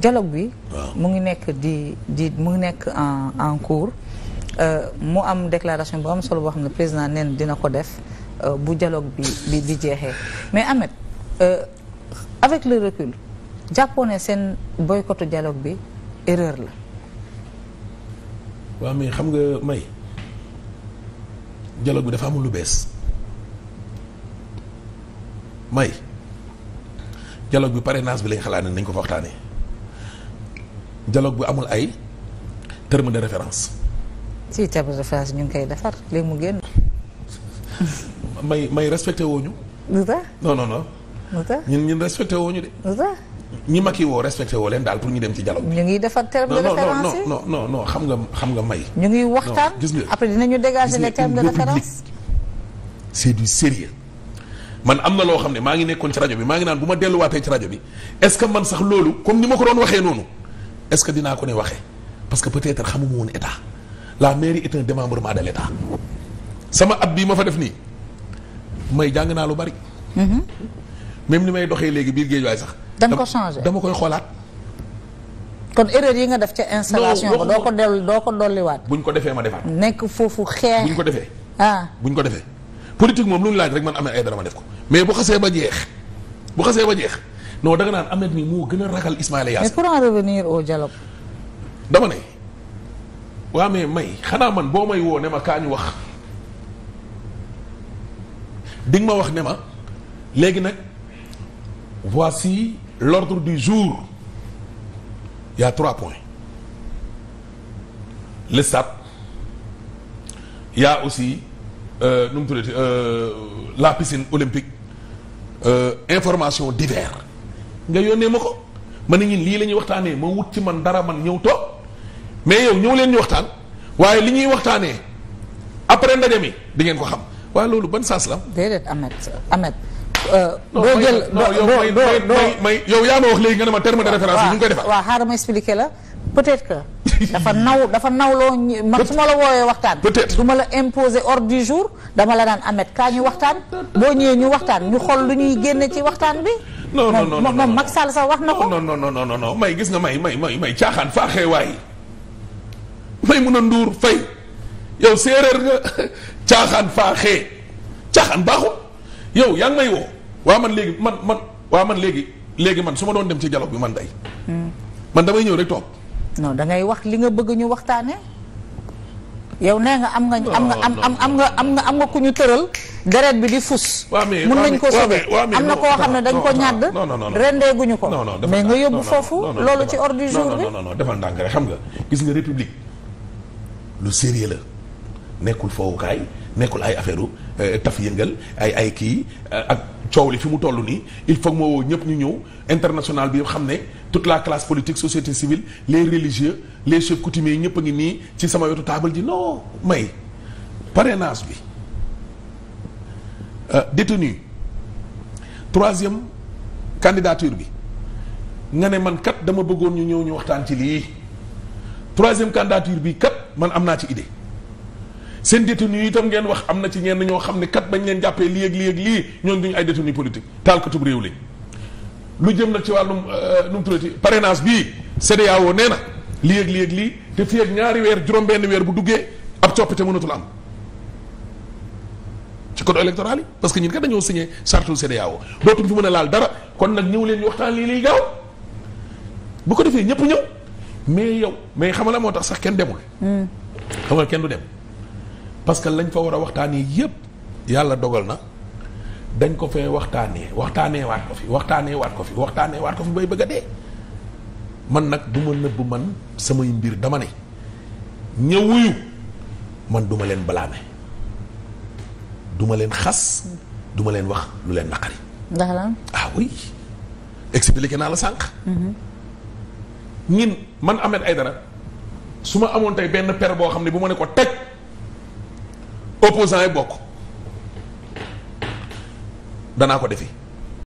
dialogue bi. mu ngi nekk di di mu ngi nekk en en cours euh, mu am déclaration bu am solo boo xam ne président neen dina ko def euh, bu dialogue bi di jeexee mais Ahmed euh, avec le recul jàppoo ne seen boykotu dialogue bi erreur la. waaw mais xam nga may dialogue bi dafa amul lu bees may dialogue bi parrainage bi lañ xalaat ne nañ ko fa waxtaanee. dialogue bu amul ay terme de référence. si terme de référence ñu ngi koy defar léegi mu génn. may may respecté woo ñu. lu tax non ñun ñu de. lu tax ñi mag yi woo respecté woo leen daal pour ñu dem ci dialogue. ñu ngi defar terme de référence yi non non non xam nga xam nga may. ñu ngi waxtaan après dinañu dégager les termes de référence. c'est du sérieux man am na loo xam ne maa ngi nekkoon ci rajo bi maa ngi naan bu ma delluwaatee ci rajo bi est-ce que man sax loolu comme ni ma ko doon waxee noonu. est-ce que dinaa ko ne waxee parce que peut-être xamuma woon état la mairie est un démembrement de l'état sama ab bii ma fa def nii may jàng naa lu bari. Mhm. même ni may doxee léegi biir géejuwaay sax. da ko changé dama koy xoolaat. kon erreur yi nga def ca installation ba doo ko del doo ko dolliwaat. buñ ko defee ma defaat. nekk foofu xeex buñ ko defee. ah buñ ko defee politique moom lu ñu laaj rek man amee na ay dara ma def ko mais bu xasee ba jeex bu xasee ba jeex. non da naan Ahmed mi moo gën a ragal Ismaïla Yacine. mais pour en revenir au dialogue. dama ne waa mais may xanaa man boo may woo ne ma kaa ñu wax di ma wax ne ma léegi nag voici l'ordre du jour il y trois points le stade il aussi euh, nu mu tuddati euh, la piscine olympique euh, information divers nga yónnee ma ko ma ne ñun lii la ñuy waxtaanee ma wut ci man dara man ñëw toog mais yow ñëw leen ñu waxtaan waaye li ñuy waxtaanee après ndaje mi di ngeen ko xam waaye loolu ban sens la. déedéet Ahmed Ahmed. doo jël doo may yow yaa ma wax léegi nga ne ma terme de référence yi ñu ngi koy defar. waaw xaaral ma expliquer la peut que. dafa naw dafa nawloo man su ma la wooyee waxtaan. peut-être du ma la imposer ordre du jour dama la naan Ahmed kaa ñu waxtaan boo ñëwee ñu waxtaan ñu xool lu ñuy génne ci waxtaan bi. non non non moom moom Macky Sall sax wax na ko. non non may gis nga may may may may caaxaan faaxee waay may mun a nduur fay yow séeréer nga caaxaan faaxee caaxaan baaxul yow yaa ngi may woo waa man léegi man man waa man léegi léegi man su ma doon dem ci dialogue bi man day hmm. man damay ñëw rek toog. non dangay ngay wax li nga bëgg ñu waxtaanee. yow nee nga am nga am nga am am nga am nga am nga ku ñu tëral deret bi di fus mën nañ ko sauver am na koo xam ne dañ ko ñàdd rendeeguñu ko mais nga yóbbu foofu loolu ci ordre du jour bi non non defal ndànk rek xam nga gis nga république lu sérieux la nekkul fowukaay nekkul ay affaire u euh, taf yëngal ay ay kii euh, ak coow li fi mu toll nii il faut moo woo ñëpp ñu ñëw international bi xam ne tout la classe politique société civile les réligieu les chefs coutumiers ñëpp a ngi nii ci sama wetu taabal ji non may parrainage bi euh, détenu troisième candidature bi nga ne man kat dama bëggoon ñu ñëw ñu waxtaan ci lii troisième candidature bi kat man am naa ci idée seen détenu yi itam ngeen wax am na ci ñeen ñoo xam ne kat bañ leen jàppee lii ak lii ak lii ñooñu duñu ay détenu politique taalkatub réew li lu jëm nag ci wàllum euh, nu mu tuddati parrainage bii CEDEAO nee na lii ak lii ak lii te fii ak ñaari weer juróom-benn weer bu duggee ab coppite mënatul am ci code électoral yi parce que ñun kat dañoo signé charte CEDEAO dootuñ fi mën a laal dara kon nag ñëw leen ñu waxtaan lii lii gaaw bu ko defee ñëpp ñëw mais yow mais xamala moo tax sax kenn demul. Hmm. xam nga kenn parce que lañ fa war a waxtaanee yépp yàlla dogal na dañ ko fee waxtaanee waxtaanee waat ko fi waxtaanee waat ko fi waxtaanee waat ko bay bëgga a man nag du ma nëbbu man samay mbir dama ne ña man duma leen balaame duma leen xas duma leen wax lu leen naqari. ndax lan ah oui expliqué naa la sànq. Mhm. ñin man ay dara su ma amoon tey benn per boo xam ne bu ma ne ko teg. opposant yi bokk danaa ko defi